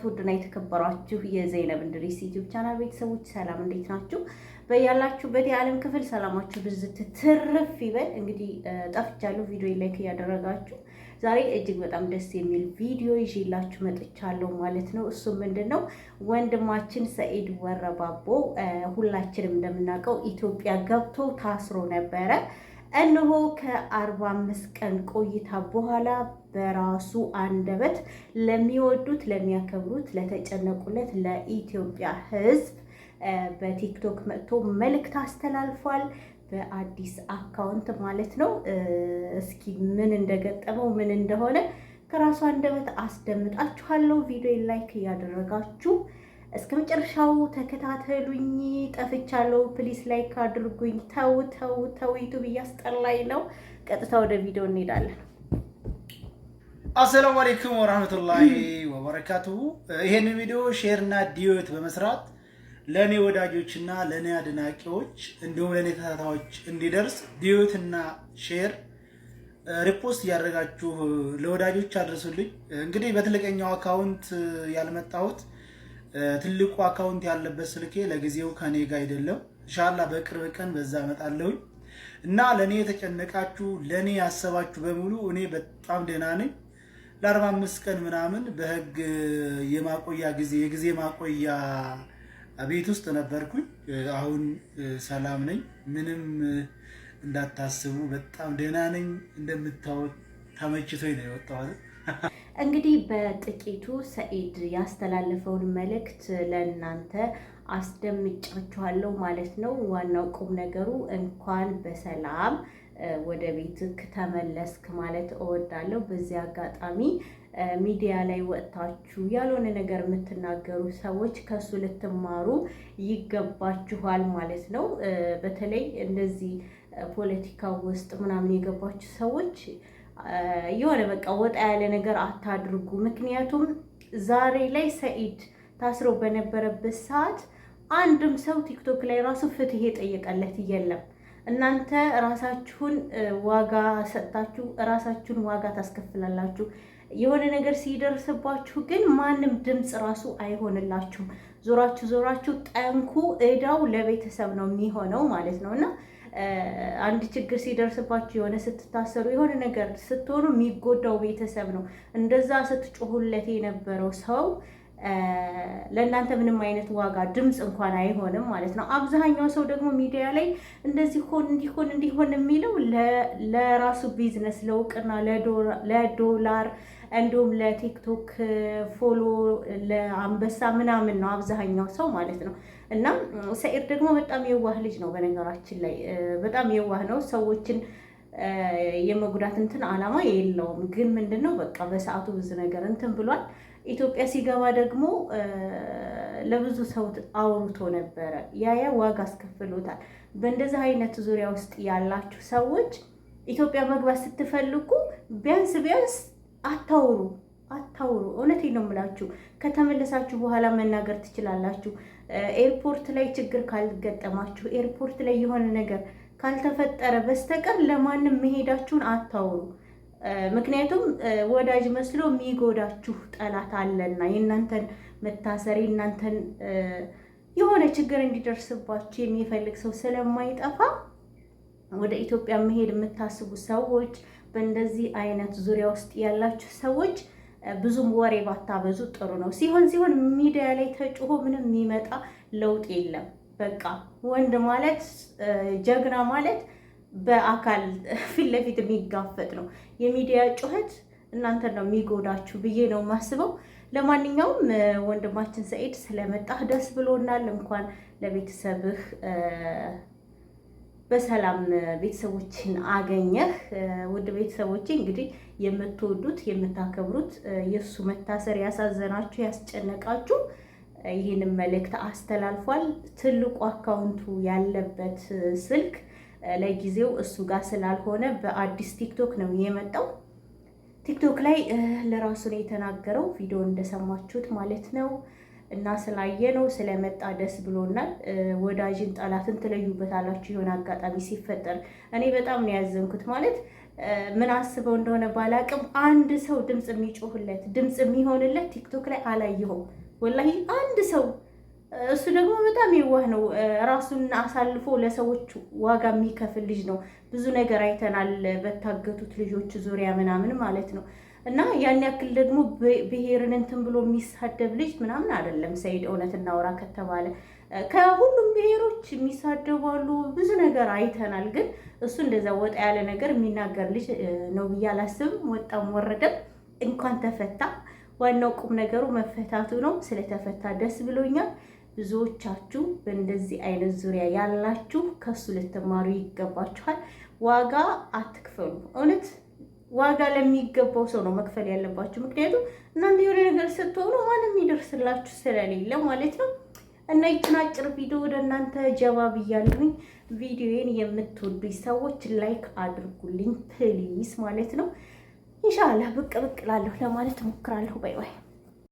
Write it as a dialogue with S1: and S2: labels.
S1: ተውድና የተከበሯችሁ የዘይነብ እንድሪስ ዩቲዩብ ቻናል ቤተሰቦች ሰላም እንዴት ናችሁ? በያላችሁበት የዓለም ክፍል ሰላማችሁ ብዝት ትርፍ ይበል። እንግዲህ ጠፍቻለሁ፣ ቪዲዮ ላይክ እያደረጋችሁ ዛሬ እጅግ በጣም ደስ የሚል ቪዲዮ ይዤላችሁ መጥቻለሁ ማለት ነው። እሱም ምንድን ነው ወንድማችን ሰኢድ ወረባቦ ሁላችንም እንደምናውቀው ኢትዮጵያ ገብቶ ታስሮ ነበረ። እነሆ ከ45 ቀን ቆይታ በኋላ በራሱ አንደበት ለሚወዱት፣ ለሚያከብሩት፣ ለተጨነቁለት ለኢትዮጵያ ሕዝብ በቲክቶክ መጥቶ መልእክት አስተላልፏል። በአዲስ አካውንት ማለት ነው። እስኪ ምን እንደገጠመው ምን እንደሆነ ከራሱ አንደበት አስደምጣችኋለሁ። ቪዲዮ ላይክ እያደረጋችሁ እስከ መጨረሻው ተከታተሉኝ። ጠፍቻለሁ። ፕሊስ ላይክ አድርጉኝ። ተው ተው ተው፣ ዩቱብ እያስጠላኝ ነው። ቀጥታ ወደ ቪዲዮ እንሄዳለን። አሰላሙ አሌይኩም ወራህመቱላሂ ወበረካቱ። ይሄን ቪዲዮ ሼርና ዲዮት በመስራት ለእኔ ወዳጆችና ለእኔ አድናቂዎች እንዲሁም ለእኔ ተታታዎች እንዲደርስ ዲዮትና ሼር ሪፖስት እያደረጋችሁ ለወዳጆች አድርሱልኝ። እንግዲህ በትልቀኛው አካውንት ያልመጣሁት ትልቁ አካውንት ያለበት ስልኬ ለጊዜው ከኔ ጋር አይደለም። ኢንሻላ በቅርብ ቀን በዛ መጣለሁ እና ለእኔ የተጨነቃችሁ ለእኔ ያሰባችሁ በሙሉ እኔ በጣም ደህና ነኝ። ለአርባ አምስት ቀን ምናምን በህግ የማቆያ ጊዜ የጊዜ ማቆያ ቤት ውስጥ ነበርኩኝ። አሁን ሰላም ነኝ። ምንም እንዳታስቡ፣ በጣም ደህና ነኝ። እንደምታወቅ ተመችቶኝ ነው የወጣሁት። እንግዲህ በጥቂቱ ሰኢድ ያስተላለፈውን መልእክት ለእናንተ አስደምጫችኋለሁ ማለት ነው። ዋናው ቁም ነገሩ እንኳን በሰላም ወደ ቤትክ ተመለስክ ማለት እወዳለሁ። በዚህ አጋጣሚ ሚዲያ ላይ ወጥታችሁ ያልሆነ ነገር የምትናገሩ ሰዎች ከሱ ልትማሩ ይገባችኋል ማለት ነው። በተለይ እንደዚህ ፖለቲካ ውስጥ ምናምን የገባችሁ ሰዎች የሆነ በቃ ወጣ ያለ ነገር አታድርጉ። ምክንያቱም ዛሬ ላይ ሰኢድ ታስሮ በነበረበት ሰዓት አንድም ሰው ቲክቶክ ላይ ራሱ ፍትህ የጠየቀለት የለም። እናንተ ራሳችሁን ዋጋ ሰጥታችሁ ራሳችሁን ዋጋ ታስከፍላላችሁ። የሆነ ነገር ሲደርስባችሁ ግን ማንም ድምፅ ራሱ አይሆንላችሁም። ዞራችሁ ዞራችሁ ጠንኩ እዳው ለቤተሰብ ነው የሚሆነው ማለት ነው እና አንድ ችግር ሲደርስባችሁ የሆነ ስትታሰሩ የሆነ ነገር ስትሆኑ የሚጎዳው ቤተሰብ ነው። እንደዛ ስትጮሁለት የነበረው ሰው ለእናንተ ምንም አይነት ዋጋ ድምፅ እንኳን አይሆንም ማለት ነው። አብዛኛው ሰው ደግሞ ሚዲያ ላይ እንደዚህ ሆን እንዲሆን እንዲሆን የሚለው ለራሱ ቢዝነስ ለእውቅና ለዶላር እንዲሁም ለቲክቶክ ፎሎ ለአንበሳ ምናምን ነው አብዛኛው ሰው ማለት ነው። እና ሰኢድ ደግሞ በጣም የዋህ ልጅ ነው። በነገራችን ላይ በጣም የዋህ ነው። ሰዎችን የመጉዳት እንትን አላማ የለውም። ግን ምንድን ነው በቃ በሰዓቱ ብዙ ነገር እንትን ብሏል። ኢትዮጵያ ሲገባ ደግሞ ለብዙ ሰው አውርቶ ነበረ። ያያ ዋጋ አስከፍሎታል። በእንደዚህ አይነት ዙሪያ ውስጥ ያላችሁ ሰዎች ኢትዮጵያ መግባት ስትፈልጉ ቢያንስ ቢያንስ አታውሩ አታውሩ። እውነት ነው የምላችሁ፣ ከተመለሳችሁ በኋላ መናገር ትችላላችሁ። ኤርፖርት ላይ ችግር ካልገጠማችሁ፣ ኤርፖርት ላይ የሆነ ነገር ካልተፈጠረ በስተቀር ለማንም መሄዳችሁን አታውሩ። ምክንያቱም ወዳጅ መስሎ የሚጎዳችሁ ጠላት አለና የእናንተን መታሰር የእናንተን የሆነ ችግር እንዲደርስባችሁ የሚፈልግ ሰው ስለማይጠፋ ወደ ኢትዮጵያ መሄድ የምታስቡ ሰዎች በእንደዚህ አይነት ዙሪያ ውስጥ ያላችሁ ሰዎች ብዙም ወሬ ባታበዙ ጥሩ ነው። ሲሆን ሲሆን ሚዲያ ላይ ተጭሆ ምንም የሚመጣ ለውጥ የለም። በቃ ወንድ ማለት ጀግና ማለት በአካል ፊት ለፊት የሚጋፈጥ ነው። የሚዲያ ጩኸት እናንተ ነው የሚጎዳችሁ ብዬ ነው የማስበው። ለማንኛውም ወንድማችን ሰኢድ ስለመጣህ ደስ ብሎናል። እንኳን ለቤተሰብህ በሰላም ቤተሰቦችን አገኘህ። ውድ ቤተሰቦች እንግዲህ የምትወዱት የምታከብሩት የእሱ መታሰር ያሳዘናችሁ ያስጨነቃችሁ ይህንን መልእክት አስተላልፏል። ትልቁ አካውንቱ ያለበት ስልክ ለጊዜው እሱ ጋር ስላልሆነ በአዲስ ቲክቶክ ነው የመጣው። ቲክቶክ ላይ ለራሱ ነው የተናገረው ቪዲዮ እንደሰማችሁት ማለት ነው። እና ስላየነው ስለመጣ ደስ ብሎናል። ወዳጅን ጠላትን ትለዩበታላችሁ የሆነ አጋጣሚ ሲፈጠር እኔ በጣም ነው ያዘንኩት። ማለት ምን አስበው እንደሆነ ባላቅም አንድ ሰው ድምፅ የሚጮህለት ድምፅ የሚሆንለት ቲክቶክ ላይ አላየሁም ወላሂ አንድ ሰው እሱ ደግሞ በጣም የዋህ ነው። ራሱን አሳልፎ ለሰዎች ዋጋ የሚከፍል ልጅ ነው። ብዙ ነገር አይተናል በታገቱት ልጆች ዙሪያ ምናምን ማለት ነው። እና ያን ያክል ደግሞ ብሔርን እንትን ብሎ የሚሳደብ ልጅ ምናምን አይደለም ሰይድ። እውነት እናውራ ከተባለ ከሁሉም ብሔሮች የሚሳደቡ አሉ፣ ብዙ ነገር አይተናል። ግን እሱ እንደዛ ወጣ ያለ ነገር የሚናገር ልጅ ነው ብዬ አላስብም። ወጣም ወረደም እንኳን ተፈታ። ዋናው ቁም ነገሩ መፈታቱ ነው። ስለተፈታ ደስ ብሎኛል። ብዙዎቻችሁ በእንደዚህ አይነት ዙሪያ ያላችሁ ከሱ ልትማሩ ይገባችኋል። ዋጋ አትክፈሉ እውነት ዋጋ ለሚገባው ሰው ነው መክፈል ያለባችሁ። ምክንያቱም እናንተ የሆነ ነገር ስትሆኑ ማንም ይደርስላችሁ ስለሌለ ማለት ነው። እና ይችን አጭር ቪዲዮ ወደ እናንተ ጀባ ብያለሁኝ። ቪዲዮዬን የምትወዱኝ ሰዎች ላይክ አድርጉልኝ ፕሊዝ ማለት ነው። ኢንሻላህ ብቅ ብቅ ላለሁ ለማለት ሞክራለሁ። ባይ ባይ